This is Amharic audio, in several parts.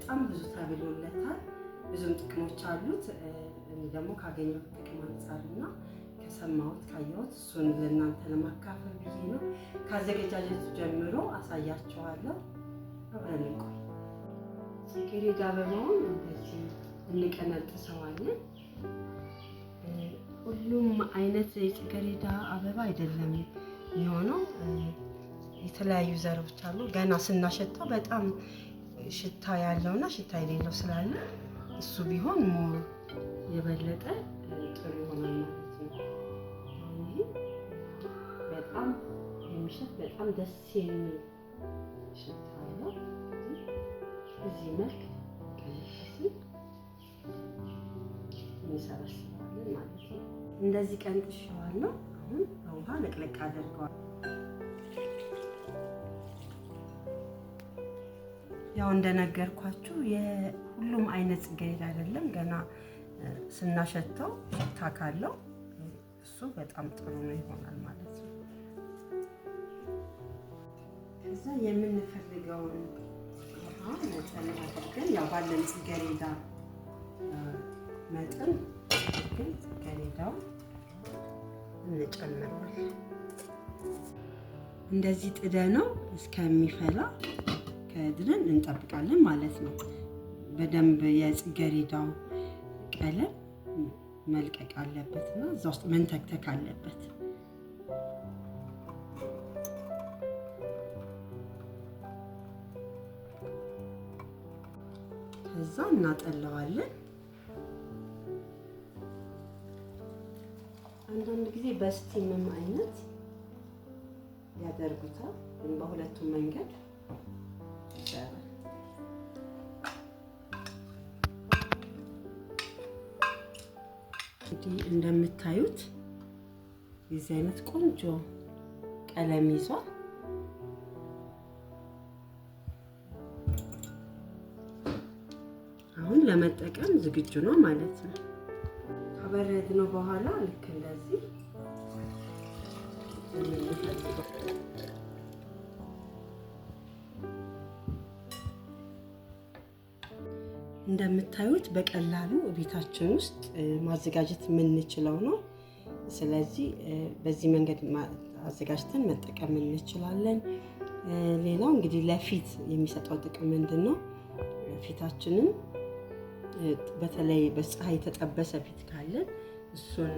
በጣም ብዙ ተብሎለታል። ብዙም ጥቅሞች አሉት። እኔ ደግሞ ካገኘሁት ጥቅም አንጻር እና ከሰማሁት ካየሁት እሱን ለእናንተ ለማካፈል ብዬ ነው። ከአዘገጃጀቱ ጀምሮ አሳያችኋለሁ። አብረን እንቆይ። ጽጌረዳ አበባውን እንደዚህ እንቀነጥሰዋለን። ሁሉም አይነት የጽጌረዳ አበባ አይደለም የሆነው የተለያዩ ዘሮች አሉ። ገና ስናሸተው በጣም ሽታ ያለውና ሽታ የሌለው ስላለ እሱ ቢሆን ሞር የበለጠ ጥሩ ይሆናል ማለት ነው። በጣም የሚሸት በጣም ደስ የሚል ሽታ ነው። እዚህ መልክ ቀንሲል እንሰበስባለን ማለት ነው። እንደዚህ ቀንጥሼዋለሁ። አሁን በውሃ ለቅለቅ አድርገዋል። ያው እንደነገርኳችሁ የሁሉም አይነት ጽጌረዳ አይደለም። ገና ስናሸተው ሽታ ካለው እሱ በጣም ጥሩ ነው ይሆናል ማለት ነው። ከዛ የምንፈልገውን ውሃ መጠን አድርገን ያው ባለን ጽጌረዳ መጠን ግን ጽጌረዳው እንጨምራለን። እንደዚህ ጥደ ነው እስከሚፈላ ከድረን እንጠብቃለን ማለት ነው። በደንብ የጽጌሬዳው ቀለም መልቀቅ አለበት እና እዛ ውስጥ መንተክተክ አለበት። ከዛ እናጠለዋለን። አንዳንድ ጊዜ በስቲምም አይነት ያደርጉታል፣ በሁለቱም መንገድ እንግዲህ እንደምታዩት የዚህ አይነት ቆንጆ ቀለም ይዟል። አሁን ለመጠቀም ዝግጁ ነው ማለት ነው። ነው በኋላ ልክ እንደዚህ እንደምታዩት በቀላሉ ቤታችን ውስጥ ማዘጋጀት የምንችለው ነው። ስለዚህ በዚህ መንገድ አዘጋጅተን መጠቀም እንችላለን። ሌላው እንግዲህ ለፊት የሚሰጠው ጥቅም ምንድን ነው? ፊታችንን በተለይ በፀሐይ የተጠበሰ ፊት ካለን እሱን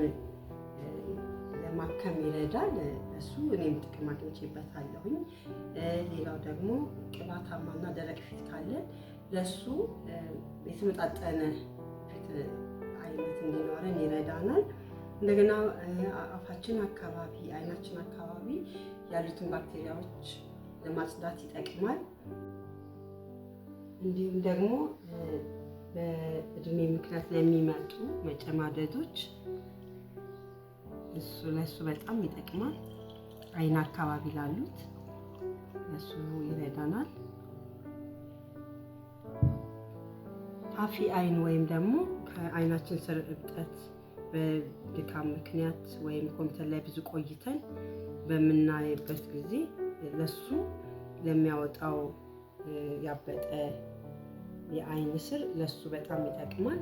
ለማከም ይረዳል። እሱ እኔም ጥቅም አግኝቼበታለሁኝ። ሌላው ደግሞ ቅባታማና ደረቅ ፊት ካለን ለሱ የተመጣጠነ አይነት እንዲኖረን ይረዳናል። እንደገና አፋችን አካባቢ፣ አይናችን አካባቢ ያሉትን ባክቴሪያዎች ለማጽዳት ይጠቅማል። እንዲሁም ደግሞ በእድሜ ምክንያት ለሚመጡ መጨማደዶች እሱ ለእሱ በጣም ይጠቅማል። አይን አካባቢ ላሉት ለሱ ይረዳናል። አፊ አይን ወይም ደግሞ ከአይናችን ስር እብጠት በድካም ምክንያት ወይም ኮምፒውተር ላይ ብዙ ቆይተን በምናይበት ጊዜ ለሱ ለሚያወጣው ያበጠ የአይን ስር ለሱ በጣም ይጠቅማል።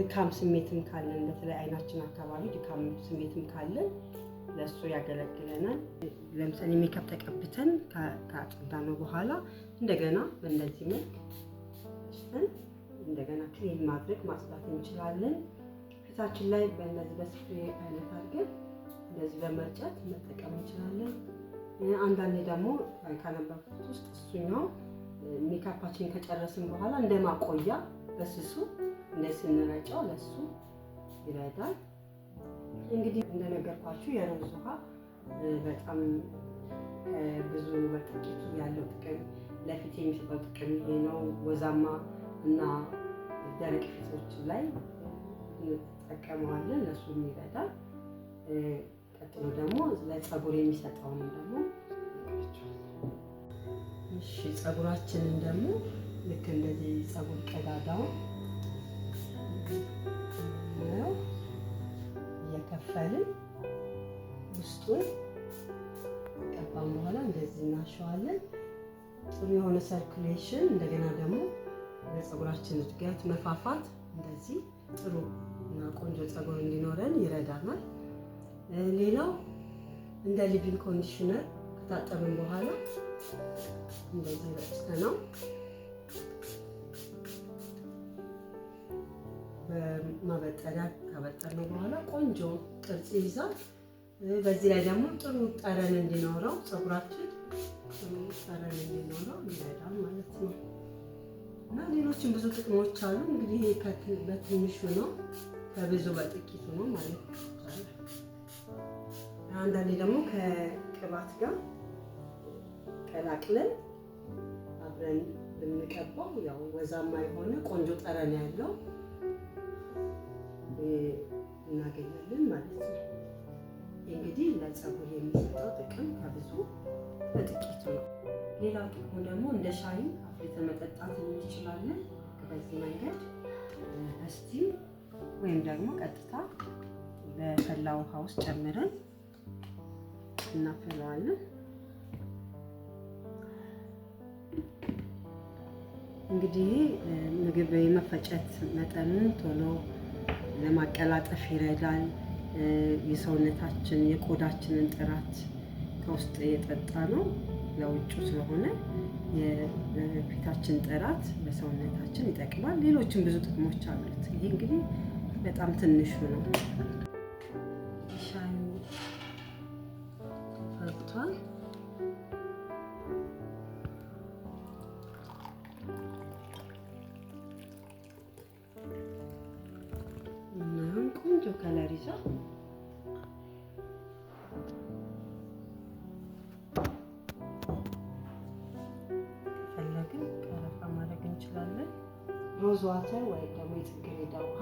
ድካም ስሜትም ካለን በተለይ አይናችን አካባቢ ድካም ስሜትም ካለን ለእሱ ያገለግለናል። ለምሳሌ ሜካፕ ተቀብተን ካጸዳነው በኋላ እንደገና በእነዚህ መልክ አውጥተን እንደገና ክሊን ማድረግ ማጽዳት እንችላለን። ፊታችን ላይ በእነዚህ በስፕሬ አይነት አድርገን እንደዚህ በመርጨት መጠቀም እንችላለን። አንዳንዴ ደግሞ ከነበርኩት ውስጥ እሱኛው ሜካፓችን ከጨረስን በኋላ እንደ ማቆያ በስሱ እንደ ስንረጨው ለሱ ይረዳል። እንግዲህ እንደነገርኳችሁ የሮዝ ውሃ በጣም ብዙ በጥቂቱ ያለው ጥቅም ለፊት የሚሰጠው ጥቅም ይሄ ነው። ወዛማ እና ደረቅ ፊቶች ላይ እንጠቀመዋለን። ለሱም ይረዳል። ቀጥሎ ደግሞ ለፀጉር የሚሰጠውን ደግሞ እሺ፣ ፀጉራችንን ደግሞ ልክ እንደዚህ ፀጉር ቀዳዳውን እየከፈልን ውስጡን ቀባን በኋላ እንደዚህ እናሸዋለን። ጥሩ የሆነ ሰርኩሌሽን እንደገና ደግሞ ለፀጉራችን እድገት መፋፋት እንደዚህ ጥሩ እና ቆንጆ ፀጉር እንዲኖረን ይረዳናል። ሌላው እንደ ሊቪን ኮንዲሽነር ከታጠብን በኋላ እንደዚህ ረጭተ ነው በማበጠሪያ ነው በኋላ ቆንጆ ቅርጽ ይይዛል። በዚህ ላይ ደግሞ ጥሩ ጠረን እንዲኖረው ፀጉራችን ጥሩ ጠረን እንዲኖረው ጥቅሞችን ብዙ ጥቅሞች አሉ። እንግዲህ በትንሹ ነው፣ በብዙ በጥቂቱ ነው ማለት አንዳንዴ ደግሞ ከቅባት ጋር ቀላቅለን አብረን ብንቀባው ያው ወዛማ የሆነ ቆንጆ ጠረን ያለው እናገኛለን ማለት ነው። እንግዲህ ለፀጉር የሚሰጠው ጥቅም ከብዙ በጥቂቱ ነው። ሌላው ጥቅሙ ደግሞ እንደ ሻይ አፍልተን መጠጣት እንችላለን። በዚህ መንገድ እስቲ ወይም ደግሞ ቀጥታ በፈላ ውሃ ውስጥ ጨምረን እናፈለዋለን። እንግዲህ ምግብ የመፈጨት መጠንን ቶሎ ለማቀላጠፍ ይረዳል። የሰውነታችን የቆዳችንን ጥራት ከውስጥ የጠጣ ነው። ለውጩ ስለሆነ የፊታችን ጥራት ለሰውነታችን ይጠቅማል። ሌሎችም ብዙ ጥቅሞች አሉት። ይህ እንግዲህ በጣም ትንሹ ነው። ሻዩ ፈርቷል። ቆንጆ ከለር ይዛ። ሮዝ ዋተር ወይም ደግሞ የጽጌረዳ ውሃ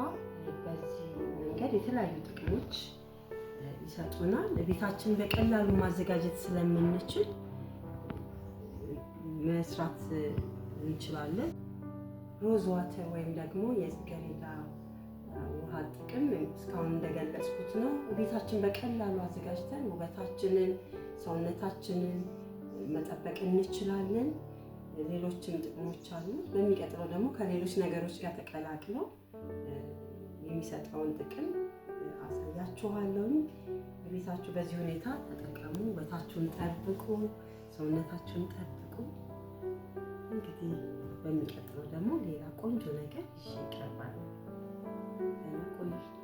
በዚህ መንገድ የተለያዩ ጥቅሞች ይሰጡናል። ቤታችን በቀላሉ ማዘጋጀት ስለምንችል መስራት እንችላለን። ሮዝ ዋተር ወይም ደግሞ የጽጌረዳ ውሃ ጥቅም እስካሁን እንደገለጽኩት ነው። ቤታችን በቀላሉ አዘጋጅተን ውበታችንን፣ ሰውነታችንን መጠበቅ እንችላለን። ሌሎችም ጥቅሞች አሉ። በሚቀጥለው ደግሞ ከሌሎች ነገሮች ጋር ተቀላቅለው የሚሰጠውን ጥቅም አሳያችኋለሁ። ቤታችሁ በዚህ ሁኔታ ተጠቀሙ። ውበታችሁን ጠብቁ፣ ሰውነታችሁን ጠብቁ። እንግዲህ በሚቀጥለው ደግሞ ሌላ ቆንጆ ነገር ይቀርባል። ቆይ